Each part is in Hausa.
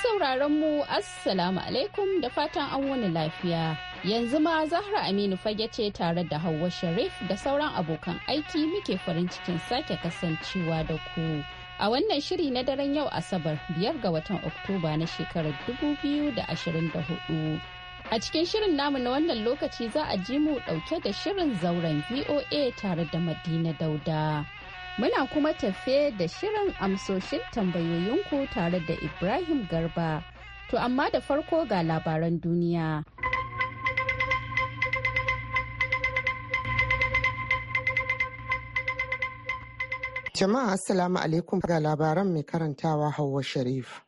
sauraron mu Assalamu alaikum da fatan an wani lafiya. Yanzu ma Zahra Aminu fage ce tare da Hauwa Sharif da sauran abokan aiki muke farin cikin sake kasancewa da ku. A wannan shiri na daren yau Asabar biyar ga watan Oktoba na shekarar da da ashirin hudu. A cikin shirin namu na wannan lokaci za a ji mu dauke da shirin zauren VOA tare da Madina Dauda. Muna kuma tafe da shirin amsoshin tambayoyinku tare da Ibrahim Garba. To amma da farko ga labaran duniya. Jama'a Assalamu alaikum ga labaran mai karantawa Hauwa Sharif.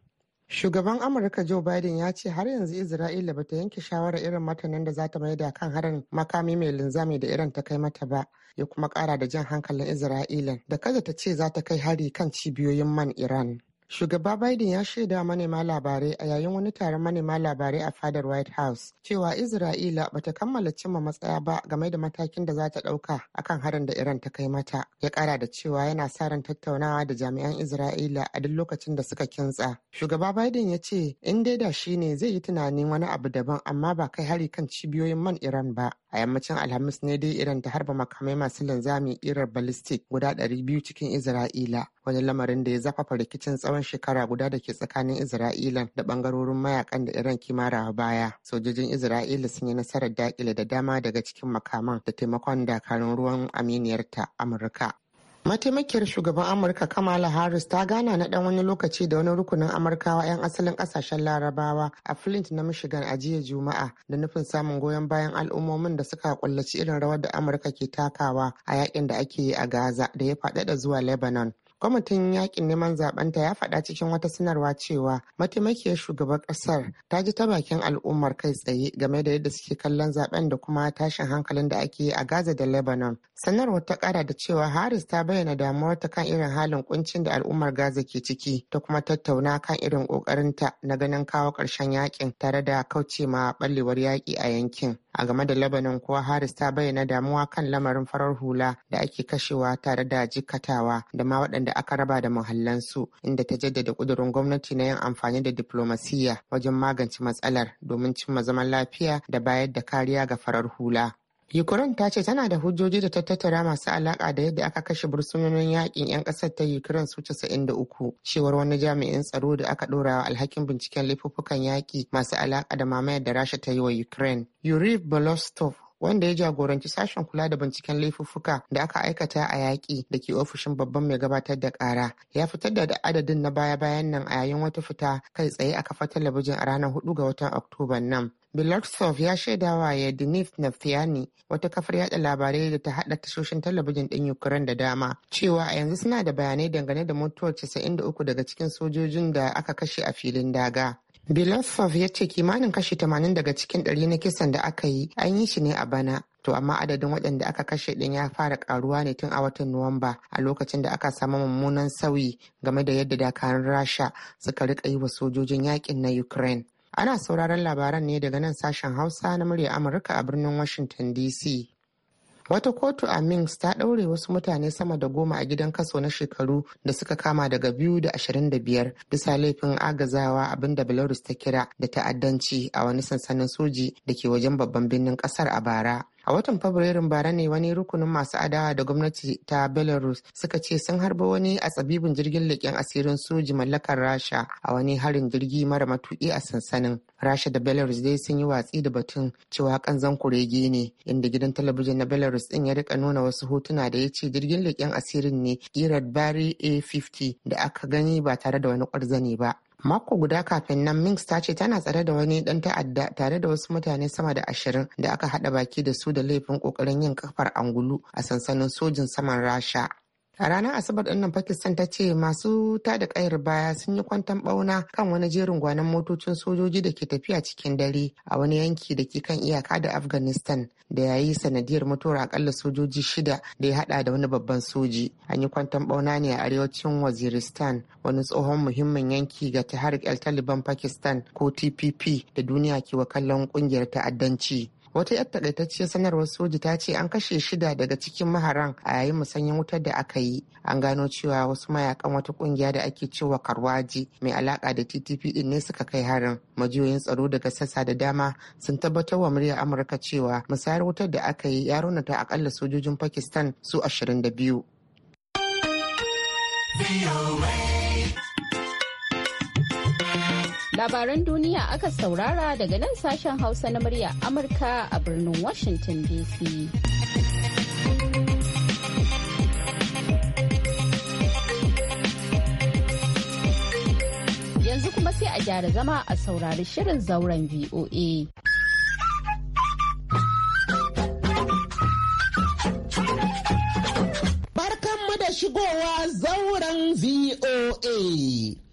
Shugaban Amurka Joe Biden ya ce har yanzu Isra'ila ba ta yanke shawarar irin matanan da za ta da kan harin makami mai linzami da irin ta kai mata ba, ya kuma kara da jan hankalin Isra'ila da kada ta ce za ta kai hari kan cibiyoyin man Iran. Shugaba Biden ya shaida manema labarai a yayin wani taron manema labarai a fadar White House cewa Isra'ila ba ta kammala cimma matsaya ba game da matakin da za ta ɗauka akan harin da Iran ta kai mata. Ya kara da cewa yana sa ran tattaunawa da jami'an Isra'ila a duk lokacin da suka kintsa. Shugaba Biden ya ce in dai da shi ne zai yi tunanin wani abu daban amma ba kai hari kan cibiyoyin man Iran ba. A yammacin Alhamis ne dai Iran ta harba makamai masu linzami irar ballistic guda 200 cikin Isra'ila. Wani lamarin da ya zafafa rikicin tsawon shekara guda da ke tsakanin Isra'ila da bangarorin mayakan da Iran kimara baya. Sojojin Isra'ila sun yi nasarar dakile da dama daga cikin makaman da taimakon dakarun ruwan aminiyar ta Amurka. Mataimakiyar shugaban Amurka Kamala Harris ta gana na ɗan wani lokaci da wani rukunin Amurkawa 'yan asalin kasashen Larabawa a Flint na Michigan a jiya Juma'a da nufin samun goyon bayan al'ummomin da suka kullaci irin rawar da Amurka ke takawa a yakin da ake yi a Gaza da ya faɗaɗa zuwa Lebanon. kwamitin yakin neman zabenta ya faɗa cikin wata sanarwa cewa mataimakiyar shugaban ƙasar ta ji ta bakin al'ummar kai tsaye game da yadda suke kallon zaben da kuma tashin hankalin da ake yi a gaza da lebanon sanarwar ta ƙara da cewa Harris ta bayyana ta kan irin halin kuncin da al'ummar gaza ke ciki ta kuma tattauna kan irin ƙoƙarinta na ganin kawo ƙarshen yakin tare da kauce ma ɓallewar yaƙi a yankin a game da labanin kuwa haris ta bayyana damuwa kan lamarin farar hula da ake kashewa tare da jikatawa, da ma waɗanda aka raba da muhallansu inda ta jaddada ƙudurin gwamnati na yin amfani da diplomasiya wajen magance matsalar domin cimma zaman lafiya da bayar da kariya ga farar hula Ukraine ta ce tana da hujjoji da tattara masu alaƙa da yadda aka kashe bursunonin yaƙin 'yan ƙasar ta Ukraine su 93 cewar wani jami'in tsaro da aka ɗora alhakin binciken laifuffukan yaƙi masu alaƙa da mamayar da Rasha ta yi wa Ukraine. Yuri Bolostov wanda ya jagoranci sashen kula da binciken laifuffuka da aka aikata a yaƙi da ke ofishin babban mai gabatar da ƙara ya fitar da adadin na baya-bayan nan a yayin wata fita kai tsaye a kafar talabijin a ranar 4 ga watan Oktoba nan. Bilaksov ya shaidawa ya Denis Nafiani wata kafar yada labarai da ta hada tashoshin talabijin din Ukraine da dama cewa a yanzu suna da bayanai dangane da mutuwar 93 daga cikin sojojin da aka kashe a filin daga. Belasov ya ce kimanin kashi 80 daga cikin ɗari na kisan da aka yi an yi shi ne a bana. To amma adadin waɗanda aka kashe ɗin ya fara ƙaruwa ne tun a watan Nuwamba a lokacin da aka samu mummunan sauyi game da yadda dakarun Rasha suka riƙa yi wa sojojin yaƙin na Ukraine. Ana sauraron labaran ne daga nan sashen Hausa na murya Amurka a birnin Washington DC. wata kotu a minsk ta ɗaure wasu mutane sama da goma a gidan kaso na shekaru da suka kama daga biyu da ashirin da biyar bisa laifin agazawa abin da belarus ta kira da ta'addanci a wani sansanin soji da ke wajen babban birnin ƙasar a bara A watan Fabrairun bara ne wani rukunin masu adawa da gwamnati ta Belarus suka ce sun harba wani a tsabibin jirgin leƙen asirin soji mallakar Rasha a wani harin jirgi mara matuƙi a sansanin. Rasha da Belarus dai sun yi watsi da batun cewa kanzan kurege ne inda gidan talabijin na Belarus din ya rika nuna wasu hotuna da ya ce jirgin leƙen asirin ne irad Bari A50 da aka gani ba tare da wani ƙwarzane ba. Mako guda kafin nan minx ta ce tana tsare da wani dan ta'adda tare da wasu mutane sama da ashirin da aka hada baki da su da laifin kokarin yin kafar angulu a sansanin sojin saman Rasha. A ranar Asabar ɗinnan Pakistan ta ce masu tada kayar baya sun yi kwantan ɓauna kan wani jerin gwanon motocin sojoji da ke tafiya cikin dare a wani yanki da ke kan iyaka da Afghanistan da ya yi sanadiyar mutuwar akalla sojoji shida da ya haɗa da wani babban soji. An yi kwantan ɓauna ne a arewacin Waziristan wani tsohon muhimmin yanki ga Tehrik El Taliban Pakistan ko TPP da duniya ke wa kallon ƙungiyar ta'addanci. wata yar takaitacciyar sanarwar soji ta ce an kashe shida daga cikin maharan a yayin musanyen wutar da aka yi an gano cewa wasu mayakan wata kungiya da ake cewa karwaji mai alaka da ttp din ne suka kai harin majiyoyin tsaro daga sassa da dama sun tabbatar wa muryar amurka cewa musayar wutar da aka yi ya raunata akalla sojojin pakistan su ashirin da biyu. Labaran duniya aka saurara daga nan sashen Hausa na murya Amurka a birnin Washington DC. Yanzu kuma sai a gyara zama a saurari shirin zauren VOA. Barkanmu da shigowa zauren VOA.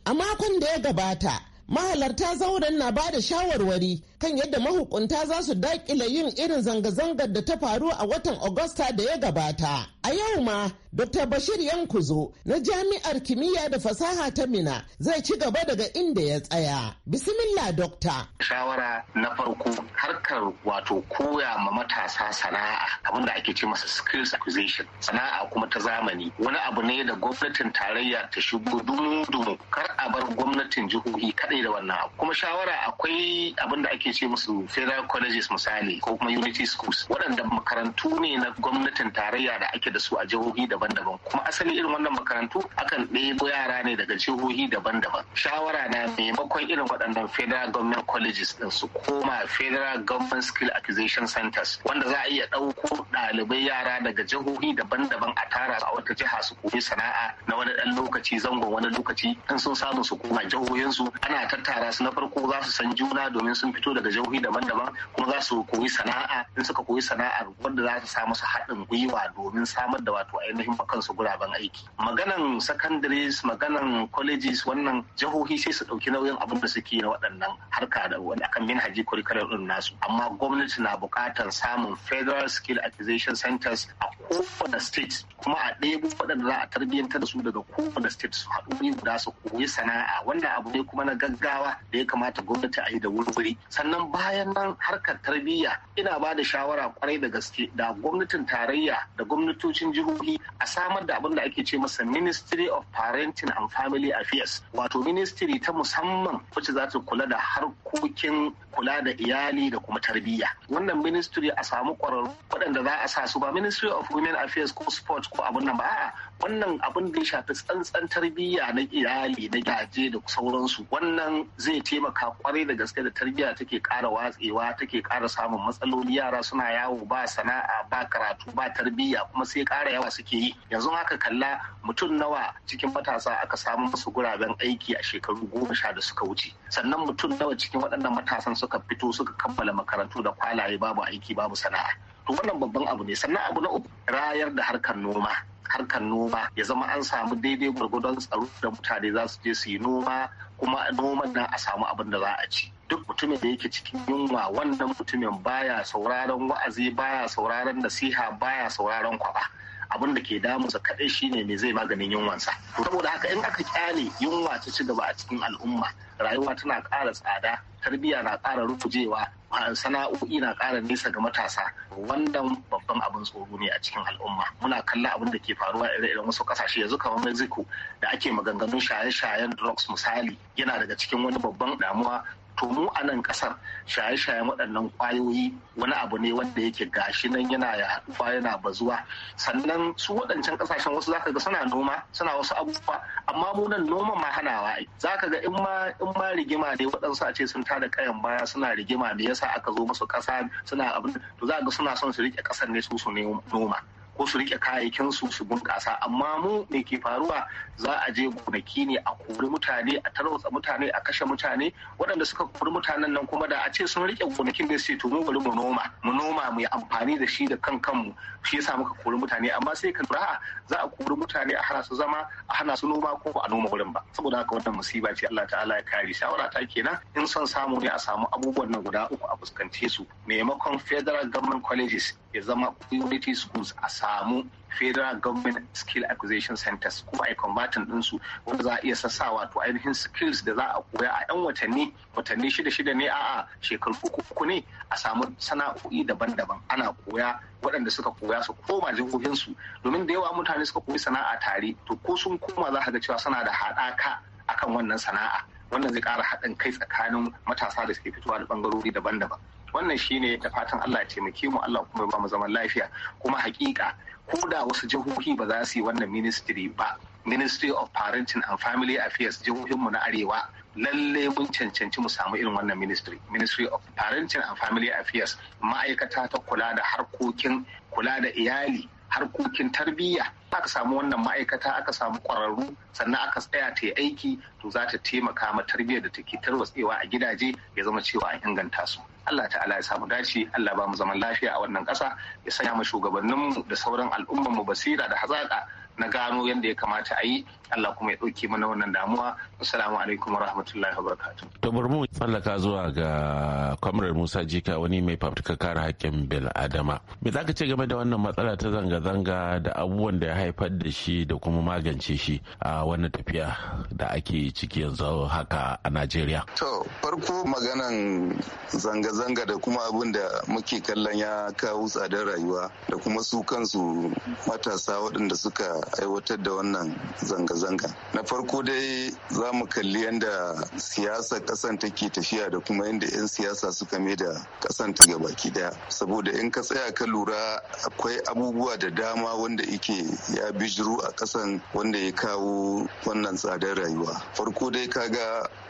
A makon da ya gabata mahalarta zauren na ba da shawarwari kan yadda mahukunta za su daƙile yin irin zanga-zangar da ta faru a watan agusta da ya gabata a yau ma dr bashir yankuzo na jami'ar kimiyya da fasaha ta mina zai ci gaba daga inda ya tsaya bismillah dokta shawara na farko harkar wato koya ma matasa sana'a abinda ake ce masa skills acquisition sana'a kuma ta zamani wani abu ne da gwamnatin tarayya ta shigo dumu-dumu kar a bar gwamnatin jihohi kaɗai da wannan abu kuma shawara akwai abin da ake ce musu federal colleges misali ko kuma unity schools waɗanda makarantu ne na gwamnatin tarayya da ake da su a jihohi daban-daban kuma asali irin wannan makarantu akan ɗebo yara ne daga jihohi daban-daban shawara na maimakon irin waɗannan federal government colleges ɗin su koma federal government skill acquisition centers wanda za a iya ɗauko ɗalibai yara daga jihohi daban-daban a tara a wata jiha su koyi sana'a na wani ɗan lokaci zangon wani lokaci in sun samu su koma jihohinsu ana ana tattara su na farko za su san juna domin sun fito daga jihohi daban-daban kuma za su koyi sana'a in suka koyi sana'ar wanda za su sa musu haɗin gwiwa domin samar da wato ainihin kansu guraben aiki maganan secondaries maganan colleges wannan jihohi sai su ɗauki nauyin abin da suke na waɗannan harka da wanda akan manhaji curriculum ɗin nasu amma gwamnati na buƙatar samun federal skill acquisition centers a kowane state kuma a ɗebo waɗanda za a tarbiyyantar da su daga kowane state su haɗu guda su koyi sana'a wanda abu ne kuma na gaggawa da ya kamata gwamnati a yi da wuri sannan bayan nan harkar tarbiyya ina ba da shawara kwarai da gaske da gwamnatin tarayya da gwamnatocin jihohi a samar da abin da ake ce masa ministry of parenting and family affairs wato ministry ta musamman wacce za ta kula da harkokin kula da iyali da kuma tarbiyya wannan ministry a samu kwararru waɗanda za a sa su ba ministry of women affairs ko sport ko abin nan ba wannan abin da ya shafi tsantsan tarbiyya na iyali na gaje da sauransu wannan zai taimaka kwarai da gaske da tarbiyya take kara watsewa take kara samun matsaloli yara suna yawo ba sana'a ba karatu ba tarbiyya kuma sai kara yawa suke yi yanzu haka kalla mutum nawa cikin matasa aka samu masu guraben aiki a shekaru goma sha da suka wuce sannan mutum nawa cikin waɗannan matasan suka fito suka kammala makarantu da kwalaye babu aiki babu sana'a to wannan babban abu ne sannan abu na uku rayar da harkar noma harkar noma ya zama an samu daidai gwargwadon tsaro da mutane za su je su yi noma kuma noman nan a samu abin da za a ci duk mutumin da yake cikin yunwa wannan mutumin baya sauraron wa'azi baya sauraron nasiha baya sauraron kwaba abin da ke damunsa kaɗai shine me zai maganin yunwansa saboda haka in aka kyale yunwa ta ci gaba a cikin al'umma rayuwa tana ƙara tsada tarbiyya na ƙara rufujewa sana'o'i na ƙara nesa ga matasa wannan babban abin tsoro ne a cikin al'umma muna kalla abin da ke faruwa ire irin wasu ƙasashe yanzu kamar mexico da ake maganganun shaye-shayen drugs misali yana daga cikin wani babban damuwa to mu a nan kasar shaye-shayen waɗannan kwayoyi wani abu ne wanda yake gashi nan yana yaɗuwa yana bazuwa sannan su waɗancan kasashen wasu zaka ga suna noma suna wasu abubuwa amma mu nan noma ma hanawa ai zaka ga in ma in ma rigima ne waɗansu a ce sun tada kayan baya suna rigima me yasa aka zo musu kasa suna abin to za ga suna son su rike kasar ne su su noma ko su rike kayayyakin su su bunƙasa amma mu me ke faruwa za a je gonaki ne a kori mutane a tarwatsa mutane a kashe mutane waɗanda suka kori mutanen nan kuma da a ce sun rike gonakin da su to mu bari mu noma mu noma mu yi amfani da shi da kan kanmu shi yasa muka kori mutane amma sai ka lura za a kori mutane a hana su zama a hana su noma ko a noma wurin ba saboda haka wannan musiba ce Allah ta'ala ya kare shawara ta kenan in son samu ne a samu abubuwan nan guda uku a fuskance su maimakon federal government colleges ya zama community schools a samu federal government skill acquisition centers ko a combatant dinsu wanda za a iya sassa wato ainihin skills da za a koya a 'yan watanni watanni shida shida ne a'a shekaru uku ne a samu sana'o'i daban-daban ana koya waɗanda suka koya su koma jihohinsu domin da yawa mutane suka koyi sana'a tare to ko sun koma za a ga cewa suna da haɗaka akan wannan sana'a wannan zai ƙara haɗin kai tsakanin matasa da suke fitowa da ɓangarori daban-daban wannan shi ne da fatan Allah ce muke mu Allah kuma ba mu zaman lafiya kuma hakika ko da wasu jihohi ba za su yi wannan ministry ba ministry of parenting and family affairs jihohinmu na arewa lalle mun cancanci mu samu irin wannan ministry ministry of parenting and family affairs ma'aikata ta kula da harkokin kula da iyali harkokin tarbiyya aka samu wannan ma'aikata aka samu ƙwararru sannan aka tsaya ta yi aiki to za ta taimaka ma tarbiyya da take tarwatsewa a gidaje ya zama cewa an inganta su Allah ta'ala ya samu dace Allah ba mu zaman lafiya a wannan ƙasa ya sanya mu shugabanninmu da sauran mu basira da hazaƙa na gano yadda ya kamata a yi Allah kuma ya ɗauke mana wannan damuwa assalamu alaikum wa wabarakatuh to bari mu tsallaka zuwa ga kwamrar Musa Jika wani mai fafutukar kare haƙƙin bil adama me zaka ce game da wannan matsala ta zanga zanga da abubuwan da ya haifar da shi da kuma magance shi a wannan tafiya da ake ciki yanzu haka a Najeriya to farko maganan zanga zanga da kuma abin da muke kallon ya kawo tsadar rayuwa da kuma su kansu matasa waɗanda suka aiwatar da wannan zanga zanga na farko dai za mu kalli yadda siyasa kasan take tafiya da kuma yadda 'yan siyasa suka mai da kasan ta gabaki daya saboda in ka tsaya ka lura akwai abubuwa da dama wanda ike ya bijiru a kasan wanda ya kawo wannan tsadar rayuwa farko dai kaga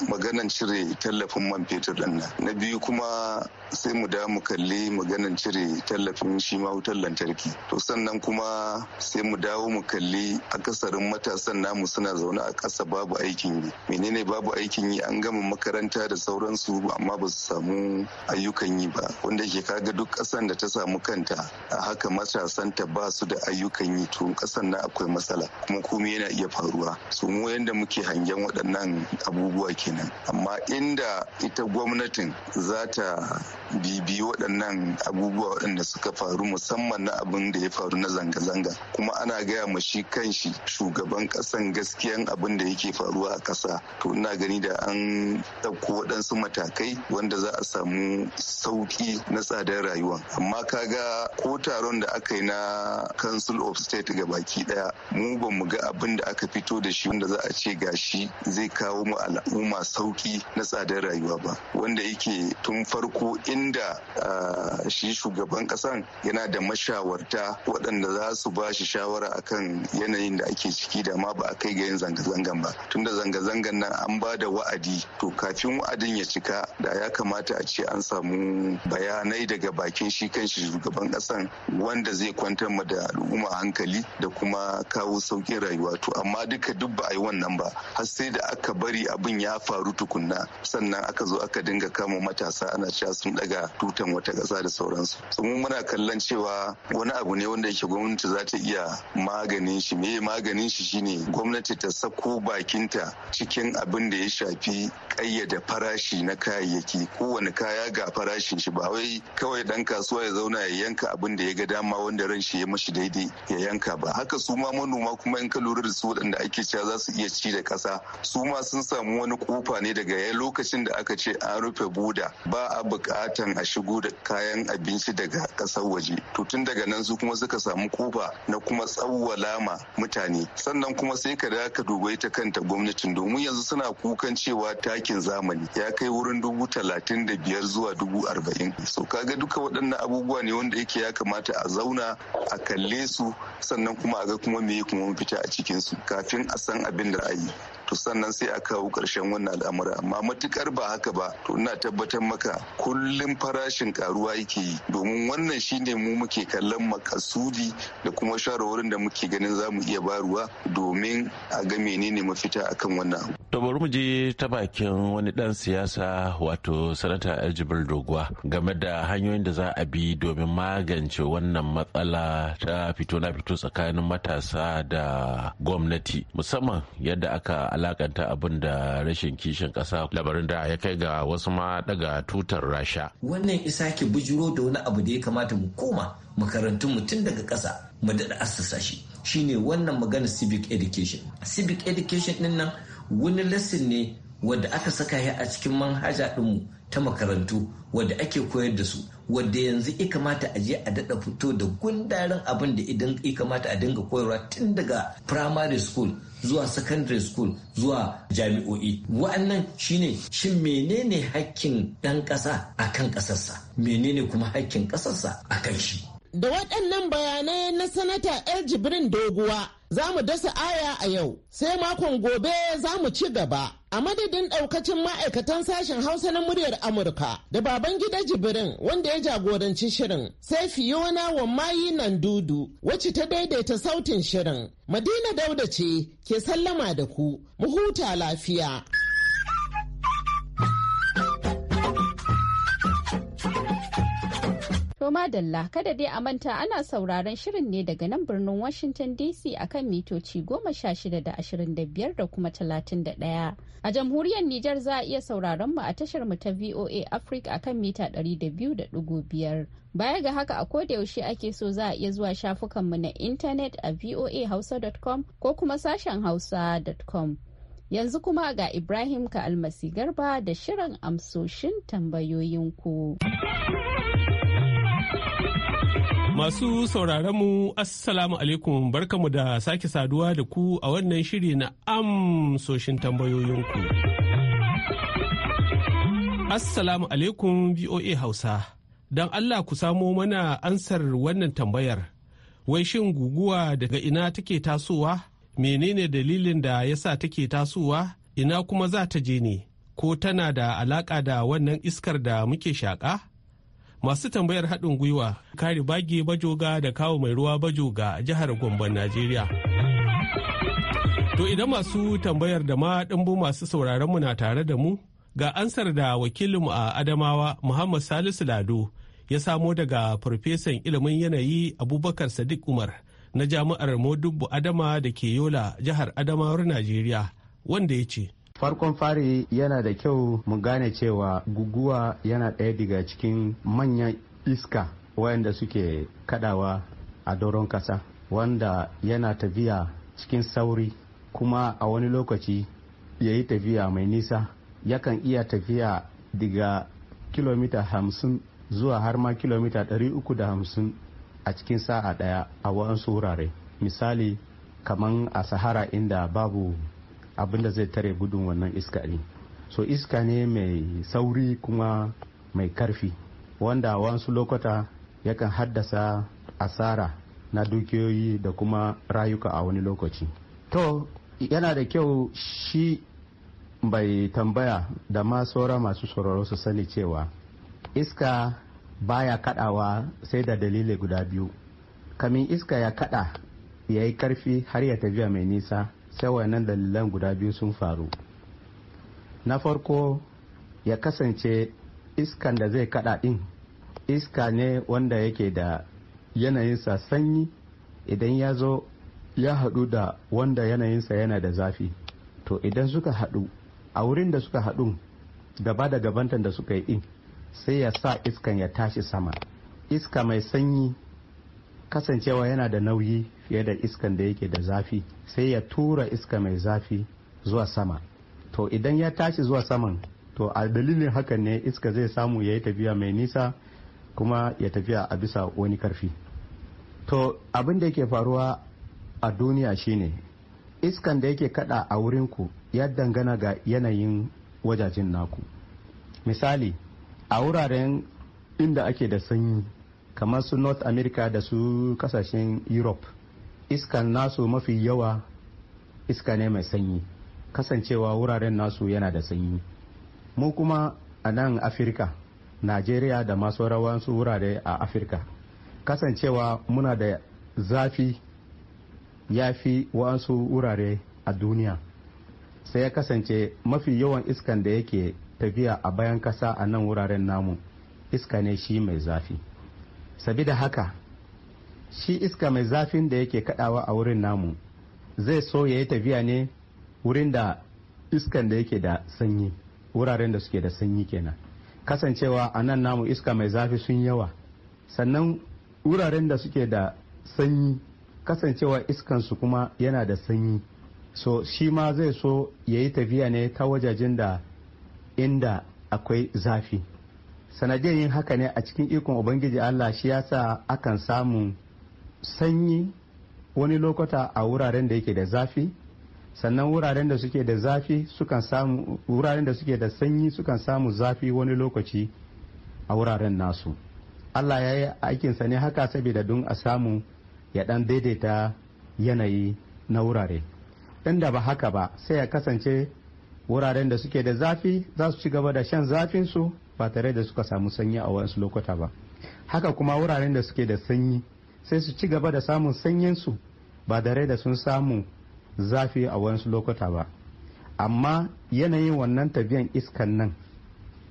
maganan cire tallafin man fetur din nan na biyu kuma sai mu da mu kalli maganan cire tallafin shi ma wutar lantarki to sannan kuma sai mu dawo mu kalli akasarin matasan namu mu suna zaune a ƙasa babu aikin yi menene babu aikin yi an gama makaranta da sauransu amma ba su samu ayyukan yi ba wanda ke kaga duk ƙasan da ta samu kanta a haka matasan ta ba su da ayyukan yi to ƙasan na akwai matsala kuma komai yana iya faruwa su mu yanda muke hangen waɗannan abubuwa kenan amma inda ita gwamnatin za ta bibi waɗannan abubuwa waɗanda suka faru musamman na abin da ya faru na zanga-zanga kuma ana gaya ma shi kan shugaban ƙasan gaskiyan abin da yake faruwa a ƙasa to ina gani da an ɗauko waɗansu matakai wanda za a samu sauƙi na tsadar rayuwa amma kaga ko taron da aka yi na council of state ga baki ɗaya mu ba mu ga abin da aka fito da shi wanda za a ce gashi zai kawo mu al'umma sauƙi na tsadar rayuwa ba wanda yake tun farko inda shi shugaban ƙasan yana da mashawarta waɗanda za su ba shi shawara akan yanayin da ake ciki da ma ba kai ga yin zanga-zangan ba tunda zanga-zangan nan an ba da wa'adi to kafin wa'adin ya cika da ya kamata a ce an samu bayanai daga bakin shi kanshi shugaban kasan wanda zai kwantar mu da al'umma hankali da kuma kawo saukin rayuwa to amma duka duk ba a yi wannan ba har sai da aka bari abin ya faru tukunna sannan aka zo aka dinga kama matasa ana cewa sun daga tutan wata ƙasa da sauransu su mu muna kallon cewa wani abu ne wanda yake gwamnati za ta iya maganin shi me maganin shi shine gwamnati ta sako bakinta cikin abin da ya shafi ƙayyada farashi na kayayyaki kowane kaya ga farashin shi ba wai kawai dan kasuwa ya zauna ya yanka abin da ya ga dama wanda ran shi ya mashi daidai ya yanka ba haka su ma manoma kuma in ka lura da su waɗanda ake cewa za su iya ci da ƙasa su ma sun samu wani kofa ne daga ya lokacin da aka ce an rufe boda ba a buƙatan a shigo da kayan abinci daga ƙasar waje to tun daga nan su kuma suka samu kofa na kuma tsawwala ma mutane sannan kuma sai sai ka da ka dubai ta kanta gwamnatin domin yanzu suna kukan cewa takin zamani ya kai wurin dubu talatin da biyar zuwa dubu arba'in so kaga duka waɗannan abubuwa ne wanda yake ya kamata a zauna a kalle su sannan kuma a ga kuma me kuma fita a su kafin a san abin da a to sannan sai a kawo ƙarshen wannan al'amura amma matukar ba haka ba to ina tabbatar maka kullum farashin karuwa yake yi domin wannan shine mu muke kallon makasudi da kuma shawarwarin da muke ganin za mu iya baruwa domin a ga menene mafita akan wannan abu. To bari mu je ta bakin wani ɗan siyasa wato sanata Aljibril Doguwa game da hanyoyin da za a bi domin magance wannan matsala ta fito na fito tsakanin matasa da gwamnati musamman yadda aka alakanta abin da rashin kishin kasa labarin da ya kai ga wasu ma daga tutar rasha. Wannan isa ke bujiro da wani abu da ya kamata mu koma makarantun tun daga ƙasa mu daɗa assasa shine wannan magana civic education. Civic education ɗin nan wani lesson ne wadda aka saka ya a cikin manhaja ɗinmu ta makarantu wadda ake koyar da su wadda yanzu ya kamata a je a daɗa fito da gundarin abin da idan ya kamata a dinga koyarwa tun daga primary school zuwa secondary school zuwa jami'o'i wa'annan shine shin menene hakkin ɗan ƙasa a kan ƙasarsa menene kuma hakkin ƙasarsa a kan shi da waɗannan bayanai na sanata el jibrin doguwa za mu dasa aya a yau sai makon gobe za mu ci gaba a madadin daukacin ma'aikatan sashen hausa na muryar amurka da baban gida jibirin wanda ya jagoranci shirin sai fiona mayi nan dudu wacce ta daidaita sautin shirin madina dauda ce ke sallama da ku mu huta lafiya. To madalla kada dai a manta ana sauraron shirin ne daga nan birnin Washington DC akan mitoci goma sha shida da ashirin da biyar da kuma talatin da ɗaya. A jamhuriyar Nijar za a iya sauraron mu a tashar mu ta VOA Africa akan mita ɗari da biyu da ɗigo biyar. Baya ga haka a koda yaushe ake so za a iya zuwa shafukan mu na intanet a voahausa.com ko kuma sashen hausa.com. Yanzu kuma ga Ibrahim ka almasi garba da shirin amsoshin tambayoyinku. ku. Masu sauraron mu Assalamu alaikum barkamu da sake saduwa da ku a wannan shiri na amsoshin tambayoyinku. Assalamu alaikum BOA Hausa. Don Allah ku samo mana ansar wannan tambayar. Wai shin guguwa daga ina take tasowa? Menene dalilin da ya sa take tasowa? Ina kuma za ta je ne? Ko tana da alaƙa da wannan iskar da muke shaƙa? masu tambayar haɗin gwiwa kare bage bajoga da kawo mai ruwa bajoga a jihar gombon najeriya to idan masu tambayar da ma ɗanbu masu sauraron mu na tare da mu ga ansar da wakilinmu a adamawa muhammad salisu lado ya samo daga farfesan ilimin yanayi abubakar sadiq umar na jami'ar modubbu adama da ke yola jihar adamawar najeriya wanda ya ce farkon fari yana da kyau mu gane cewa guguwa yana ɗaya daga cikin manyan iska wayanda suke kadawa a doron kasa wanda yana tafiya cikin sauri kuma a wani lokaci ya yi tafiya mai nisa yakan iya tafiya daga kilomita hamsin zuwa har ma kilomita hamsin a cikin sa'a daya a wasu wurare misali kamar a sahara inda babu abinda zai tare gudun wannan iska ne so iska ne mai sauri kuma mai karfi wanda wasu lokuta yakan haddasa asara na dukiyoyi da kuma rayuka a wani lokaci to yana da kyau shi bai tambaya da ma saura masu sauraro su sani cewa iska baya kadawa sai da dalilai guda biyu kamin iska ya kada ya yi karfi har ya tafiya mai nisa sai wannan dalilan guda biyu sun faru na farko ya kasance iskan da zai kada din iska ne wanda yake da yanayinsa sanyi idan ya zo ya haɗu da wanda yanayinsa yana da zafi to idan suka haɗu a wurin da suka haɗu gaba da gabantan da suka yi din sai ya sa iskan ya tashi sama iska mai sanyi kasancewa yana da nauyi fiye da iskan da yake da zafi sai ya tura iska mai zafi zuwa sama to idan ya tashi zuwa saman to a dalilin hakan ne iska zai samu ya yi tafiya mai nisa kuma ya tafiya a bisa wani karfi to abin da yake faruwa a duniya shine iskan da yake kada a wurinku ya dangana ga yanayin wajajen naku misali a wuraren inda ake da sanyi kamar su north america da su kasashen europe iskan nasu mafi yawa iska ne mai sanyi kasancewa wuraren nasu yana da sanyi mu kuma a nan afirka najeriya da masu rawansu wurare a afirka kasancewa muna da zafi ya fi wasu wurare a duniya sai ya kasance mafi yawan iskan da yake tafiya a bayan kasa a nan wuraren namu iska ne shi mai zafi sabida haka shi iska mai zafin da yake kadawa a wurin namu zai so ya yi tafiya ne wurin da iskan da yake da sanyi wuraren da suke da sanyi kenan kasancewa a nan namu iska mai zafi sun yawa sannan wuraren da suke da sanyi kasancewa iskansu kuma yana da sanyi so shi ma zai so ya yi tafiya ne ta wajajen da inda akwai zafi sanadiyar yin haka ne a cikin ikon ubangiji allah shi yasa akan samu sanyi wani lokuta a wuraren da yake da zafi sannan wuraren da suke da zafi sukan samu wuraren da suke da sanyi sukan samu zafi wani lokaci a wuraren nasu allah ya yi aikinsa ne haka saboda don a samu ya dan daidaita yanayi na wurare inda ba haka ba sai ya kasance wuraren da suke da zafi za su ci gaba da shan zafinsu ba tare da suka samu sanyi a wasu lokuta ba haka kuma wuraren da suke da sanyi sai su ci gaba da samun sanyin su ba tare da sun samu zafi a wasu lokuta ba amma yanayin wannan tafiyan iskan nan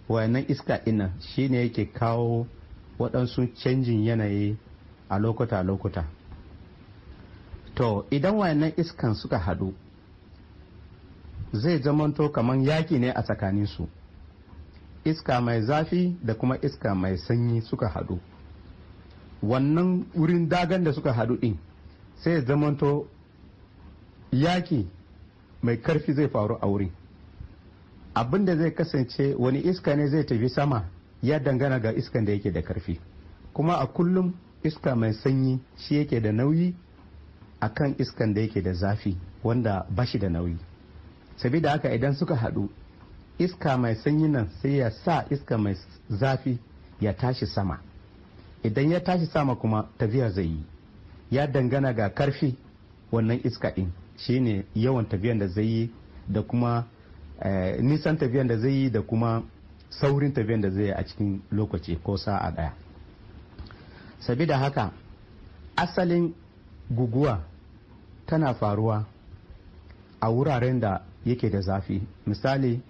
wannan iska ina shine yake kawo waɗansu canjin yanayi a lokuta-lokuta to idan wayannan iskan suka haɗu zai zamanto kamar yaƙi ne a tsakaninsu iska mai zafi da kuma iska mai sanyi suka hadu wannan wurin dagan da suka hadu din sai zamanto yaki mai karfi zai faru a wurin abin da zai kasance wani iska ne zai tafi sama ya dangana ga iskan da yake da karfi kuma a kullum iska mai sanyi shi yake da nauyi a kan iskan da yake da zafi wanda bashi da nauyi sabida haka idan suka haɗu iska mai sanyi nan sai ya sa iska mai zafi ya tashi sama idan ya tashi sama kuma tafiya zai yi ya dangana ga karfi wannan iska din shine yawan tafiyan da zai yi da kuma eh, nisan tafiyan da zai yi da kuma saurin tafiyan da zai yi a cikin lokaci ko sa'a daya sabida haka asalin guguwa tana faruwa a wuraren da yake da zafi misali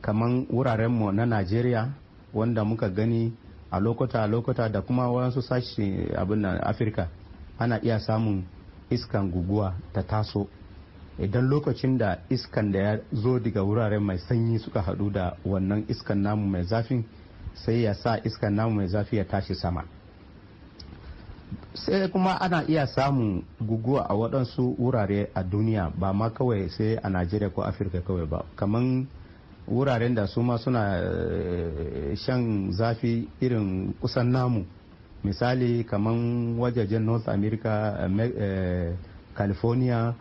kamar wurarenmu na najeriya wanda muka gani a a lokuta da kuma wasu sashi abin afirka ana iya samun iskan guguwa ta taso idan lokacin da iskan da ya zo daga wuraren mai sanyi suka hadu da wannan iskan namu mai zafi sai ya sa iskan namu mai zafi ya tashi sama sai kuma ana iya samun guguwa a waɗansu wurare a duniya ba ma kawai sai a najeriya ko afirka kawai ba kamar wuraren da su ma suna eh, shan zafi irin kusan namu misali kamar wajajen north america eh, eh, california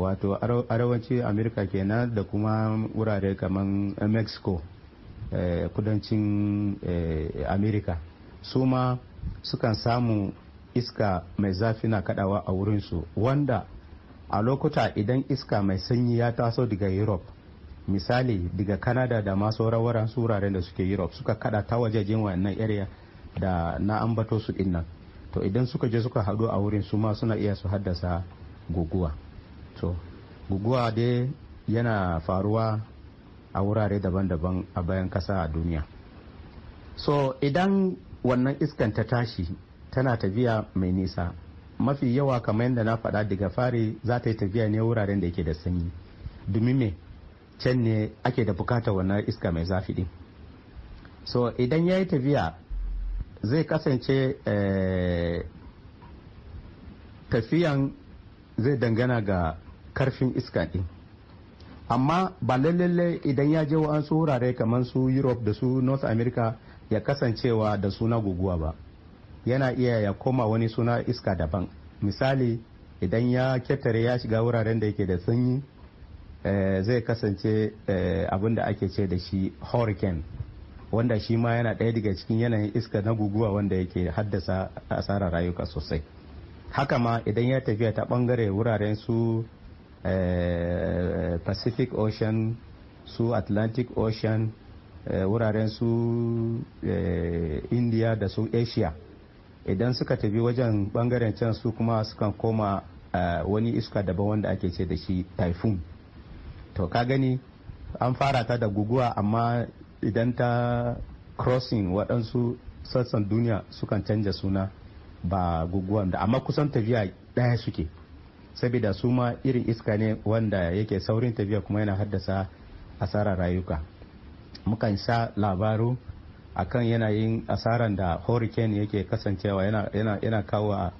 wato arewaci america kenan da kuma wurare kamar mexico kudancin america su ma sukan samu iska mai zafi na kadawa a wurinsu wanda a lokuta idan iska mai sanyi ya taso daga europe misali daga canada da ma sauran wuraren da suke europe suka kada ta wajejen wannan area da na ambato su dinnan to idan suka je suka haɗu a wurin su ma suna iya su haddasa guguwa to guguwa dai yana faruwa a wurare daban-daban a bayan kasa a duniya so idan wannan iskan ta tashi tana tafiya mai nisa mafi yawa kamar yadda na faɗa daga fari za ta yi tafiya ne wuraren da yake da sanyi domin me can ne ake da bukata wannan iska mai zafi din so idan ya yi tafiya zai kasance eh, tafiyan zai dangana ga karfin iska din amma ba lalle idan ya je su wurare kamar su europe da su north america ya kasancewa da suna guguwa ba yana iya ya koma wani suna iska daban misali idan ya ketare ya shiga wuraren da yake da sanyi Eh, zai kasance eh, abin da ake ce da shi hurricane wanda shi ma yana ɗaya daga cikin yanayin iska na guguwa wanda yake haddasa asarar rayuka sosai haka ma idan ya tafiya ta bangare wuraren su eh, pacific ocean su atlantic ocean wuraren su india da su asia idan suka tafi wajen bangaren can su kuma sukan koma wani iska daban wanda ake ce da shi typhoon to ka gani an fara ta da guguwa amma idan ta crossing waɗansu sassan duniya sukan canja suna ba guguwan da amma kusan tafiya ɗaya suke saboda su ma irin iska ne wanda yake saurin tafiya kuma yana haddasa asarar rayuka mukan sha labaru akan yanayin asaran da hurricane yake kasancewa yana, kawo a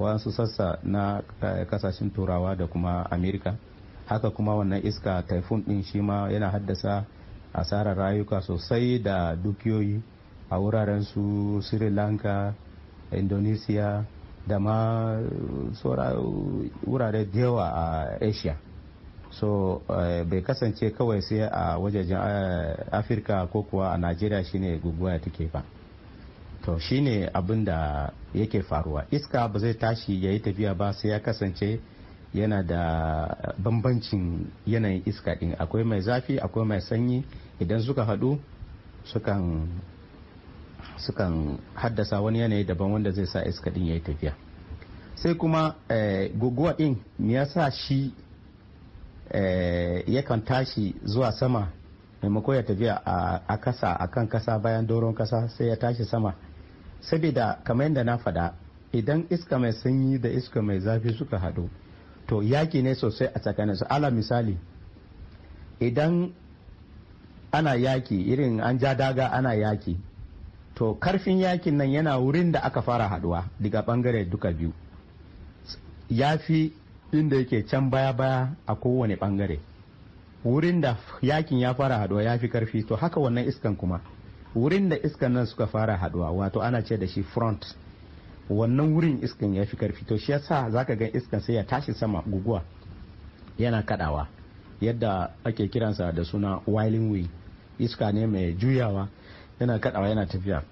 wasu sassa na kasashen eh, turawa da kuma amerika haka kuma wannan iska typhoon din shi ma yana haddasa asarar rayuka sosai da dukiyoyi a wuraren su sri lanka indonesia da ma eh, wurare da yawa a asia so eh, bai kasance kawai sai a wajajen eh, afirka ko kuwa a najeriya shine guguwa take ba to shine abin da yake faruwa iska ba zai tashi ya yi tafiya ba sai ya kasance yana da bambancin yanayin iska din akwai mai zafi akwai mai sanyi idan suka haɗu sukan haddasa wani yanayi daban wanda zai sa iska din ya yi tafiya sai kuma eh, guguwa din ya sa shi ya eh, yakan tashi zuwa sama maimako ya tafiya a kasa a kan kasa bayan doron kasa sai ya tashi sama saboda kamar yadda na faɗa idan iska mai sanyi da iska mai zafi suka haɗu to yaƙi ne sosai a tsakaninsu ala misali idan ana yaki irin an ja daga ana yaki to karfin yakin nan yana wurin da aka fara haduwa daga bangare duka biyu ya fi inda yake can baya-baya a kowane bangare wurin da yakin ya fara haduwa ya fi karfi to haka wannan iskan kuma wurin da iskan nan suka fara haduwa wato ana ce da shi front wannan wurin iskan ya fi karfi to shi ya sa za ka ga iskan sai ya tashi sama guguwa yana kadawa yadda ake kiransa da suna wailing wind iska ne mai juyawa yana kadawa yana tafiya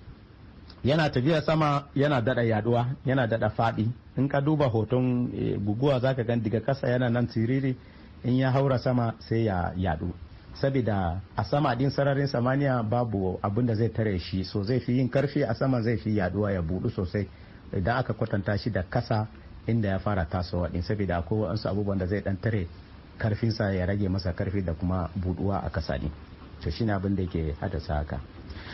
yana tafiya sama yana dada yaduwa yana dada fadi in ka duba hoton eh, guguwa guguwa zaka gan diga kasa yana nan tiriri in ya haura sama sai ya yadu saboda a sama din sararin samaniya babu abin da zai tare shi so zai fi yin karfi a sama zai fi yaduwa ya budu sosai idan aka kwatanta shi da kasa inda ya fara tasowa din saboda akwai wasu abubuwan da zai dan tare karfinsa ya rage masa karfi da kuma buduwa a kasa ne to shine abin da yake haddasa haka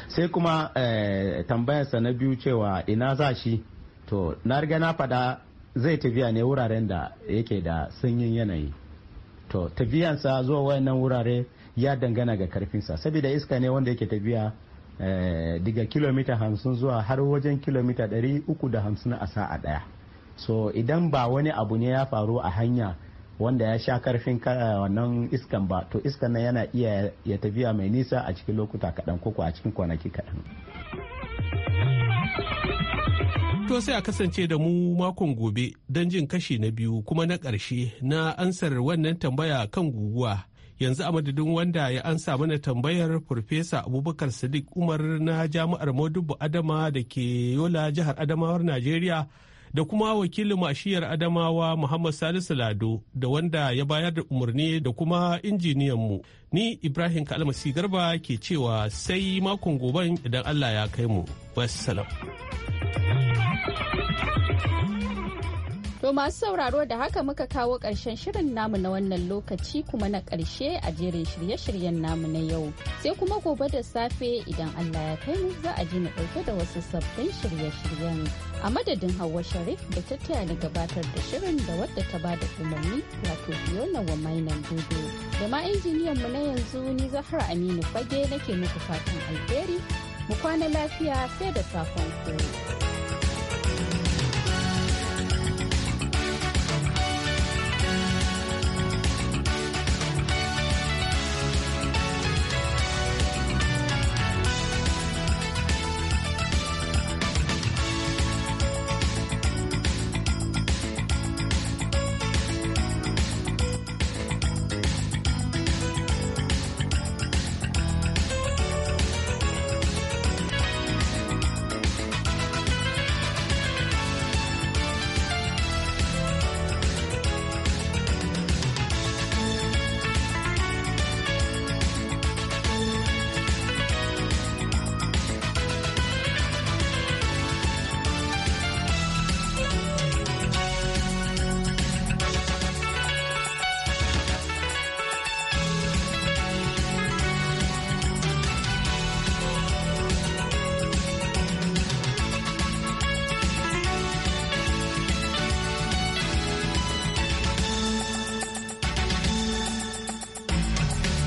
sai kuma eh, tambayarsa na biyu cewa ina za shi to na riga na faɗa zai tafiya ne wuraren da yake da sanyin yanayi to tafiyansa zuwa wayannan wurare ya dangana ga karfinsa saboda iska ne wanda yake tafiya Eh, daga kilomita hamsin zuwa har wajen kilomita ɗari uku da hamsin a sa'a ɗaya so idan ba wani abu ne ya faru a hanya wanda ya sha karfin eh, wannan iskan ba to iskan nan yana iya ya tafiya mai nisa a cikin lokuta kaɗan ko a cikin kwanaki kaɗan. To sai a kasance da mu makon gobe don jin kashi na biyu kuma na ƙarshe na ansar wannan tambaya kan guguwa yanzu a madadin wanda ya ansa mana tambayar farfesa abubakar sadiq umar na jami'ar modubu adama da ke yola jihar adamawar najeriya da kuma wakilin mashiyar adamawa muhammad salisu lado da wanda ya bayar da umarni da kuma injiniyan mu ni ibrahim kalmasi garba ke cewa sai makon goban idan allah ya kai mu wassalam To masu sauraro da haka muka kawo ƙarshen shirin namu na wannan lokaci kuma na ƙarshe a jerin shirye-shiryen namu na yau. Sai kuma gobe da safe idan Allah ya kai mu za a ji mu ɗauke da wasu sabbin shirye-shiryen. A madadin Hauwa Sharif da ta taya ni gabatar da shirin da wadda ta ba da umarni wato Fiona wa mainan dodo. Da ma injiniyan mu na yanzu ni Zahra Aminu Fage nake muku fatan alheri. Mu kwana lafiya sai da safon ku.